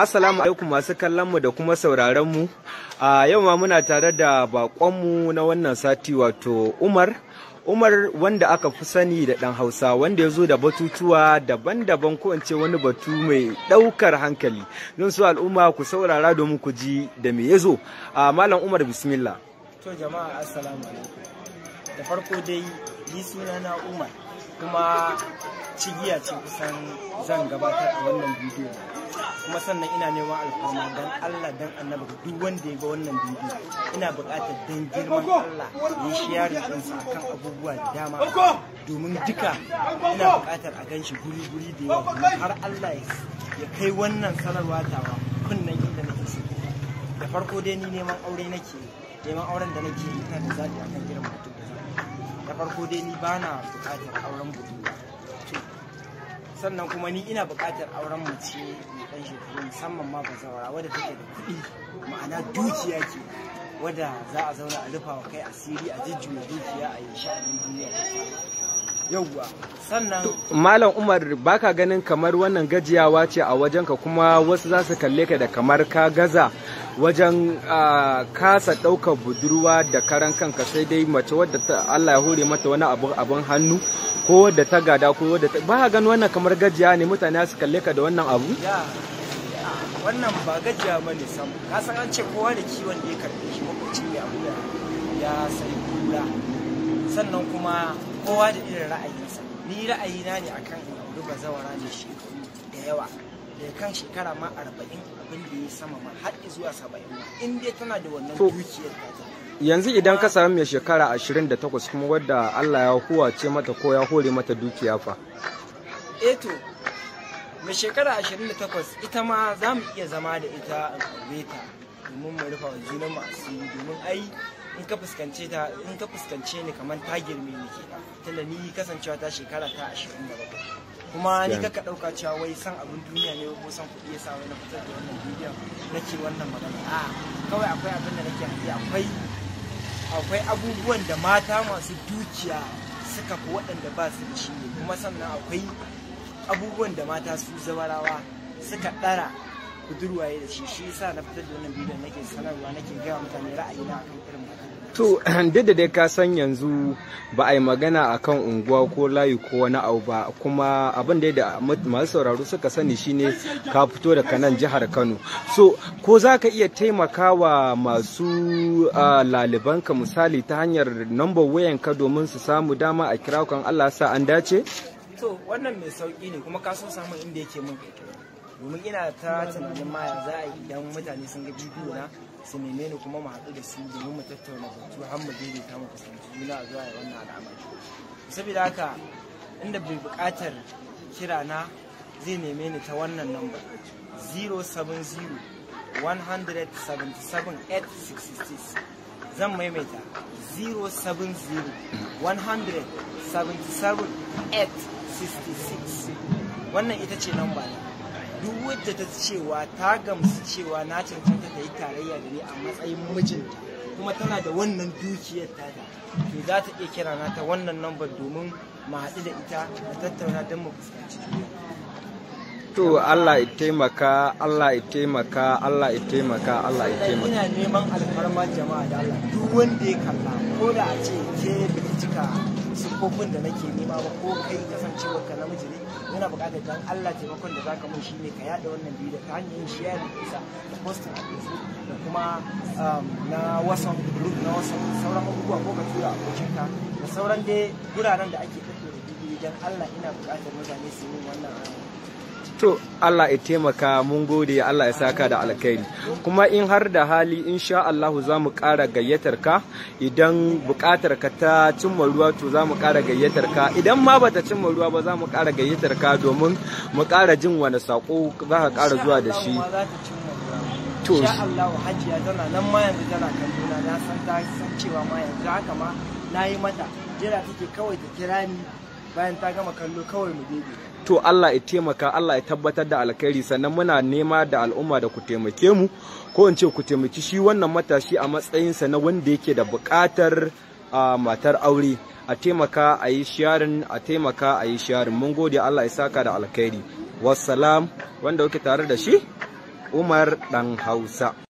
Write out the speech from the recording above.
Assalamu alaikum masu kallon mu da kuma sauraron mu. A yau ma muna tare da baƙonmu na wannan sati wato Umar. Umar wanda aka fi sani da ɗan Hausa wanda ya zo da batutuwa daban-daban ko ce wani batu mai ɗaukar hankali. Don su al'umma ku saurara domin ku ji da me ya zo. A Malam Umar bismillah. To jama'a assalamu alaikum. Da farko dai ni sunana Umar kuma cigiya ce kusan zan gabatar a wannan bidiyo kuma sannan ina neman alfarma don Allah don annabi duk wanda ya ga wannan bidiyo ina buƙatar don girman Allah ya yi shiyari ɗinsa a kan abubuwa da dama domin duka ina buƙatar a gan shi guri-guri da yawa har Allah ya kai wannan sanarwa tawa kunnan inda nake so da farko dai ni neman aure nake neman auren da nake ina da zaɓi akan girman mutum da zaɓi da farko dai ni bana buƙatar auren budurwa sannan kuma ni ina bukatar auren mace mai ɗan shekaru musamman ma ba bazawara wadda take da kuɗi ma'ana dukiya ke wadda za a zauna a rufa wa kai asiri a jujjuya dukiya a yi sha'anin duniya yauwa sannan malam umar baka ganin kamar wannan gajiyawa ce a wajenka kuma wasu za su kalle ka da kamar ka gaza wajen kasa ɗaukar budurwa da karan kanka sai dai mace wadda Allah ya hore mata wani abu abin hannu ko wadda ta gada ko wadda ta ba gani wannan kamar gajiya ne mutane su kalle ka da wannan abu wannan ba gajiya ba ne sam ka san an ce kowa da kiwon da ya karbe shi makwacin ya abu ya sai kula sannan kuma kowa da irin ra'ayinsa ni ra'ayina ne akan in ba zawara ne shi da yawa ya kan shekara ma arba'in abin da ya sama ma har zuwa saba'in ma in dai tana da wannan dukiyar ta yanzu idan ka sami mai shekara ashirin da takwas kuma wadda Allah ya huwace mata ko ya hore mata dukiya fa e to mai shekara ashirin da takwas ita ma za mu iya zama da ita in ta domin mu rufa junan masu yi domin ai in ka fuskance ta in ka fuskance ni kamar ta girme ni ke tunda ni kasancewa ta shekara ta ashirin da bakwai kuma ni kaka dauka cewa wai san abin duniya ne ko san kuɗi yasa wai na fitar da wannan bidiyon nake wannan magana a kawai akwai abin da nake haɗi akwai akwai abubuwan da mata masu dukiya suka fi waɗanda ba su ci shi kuma sannan akwai abubuwan da mata su zabarawa suka ɗara budurwaye da shi shi yasa na fitar da wannan bidiyon nake sanarwa nake gaya mutane ra'ayi na akan irin to duk da dai ka san yanzu ba a yi magana akan unguwa ko layi ko wani abu ba kuma abin da da masu sauraro suka sani shine ka fito daga nan jihar kano so ko za ka iya taimakawa masu lalibanka misali ta hanyar wayan ka domin su samu dama a kira kan allah sa an dace to wannan mai sauki ne kuma ka so samun inda yake mun domin ina ta tunanin ma ya za a yi idan mutane sun ga bidiyo na su neme ni kuma mu haɗu da su domin mu tattauna batu har mu ta mu kusanci juna zuwa ya wannan al'amari saboda haka inda bai buƙatar kira na zai neme ni ta wannan namba 070 177 zan maimaita 070 177 866 wannan ita ce namba ne duk wadda ta cewa ta gamsu cewa na cancanta ta yi tarayya da ni a matsayin mijinta kuma tana da wannan dukiyar da to za ta iya kira na ta wannan lambar domin mu haɗu da ita da tattauna don mu fuskanci to Allah ya taimaka Allah ya taimaka Allah ya taimaka Allah ya taimaka ina neman alfarma jama'a da Allah duk wanda ya kalla ko da a ce ke bincika siffofin da nake nema ba ko kai kasancewa ka namiji ne kana buƙatar dan Allah taimakon da zaka mun shine ka yada wannan bidiyo ta hanyar share da da posting a Facebook da kuma um, na WhatsApp group na WhatsApp sauran abubuwa ko ka tura abokinka da sauran dai guraren da ake ɗaukar bidiyo dan Allah ina buƙatar mutane su yi wannan to Allah ya taimaka mun gode Allah ya saka da alkhairi kuma in har da hali insha Allah za mu ƙara gayyatar ka idan buƙatar ka ta cimma ruwa to za mu ƙara gayyatar ka idan ma ba ta cimma ruwa ba za mu ƙara gayyatar ka domin mu ƙara jin wani sako za ka ƙara zuwa da shi to insha Allah hajiya tana nan ma yanzu tana kallona na san ta san cewa ma yanzu haka ma nayi mata jira take kawai ta kira ni bayan ta gama kallo kawai mu daidai to Allah ya taimaka Allah ya tabbatar da alkhairi sannan muna nema da al'umma da ku taimake mu ko in ce ku taimaki shi wannan matashi a matsayinsa na wanda yake da buƙatar matar aure a taimaka a yi sharin a taimaka a yi sharin mun gode Allah ya saka da alkhairi wassalam wanda kuke tare da shi Umar dan Hausa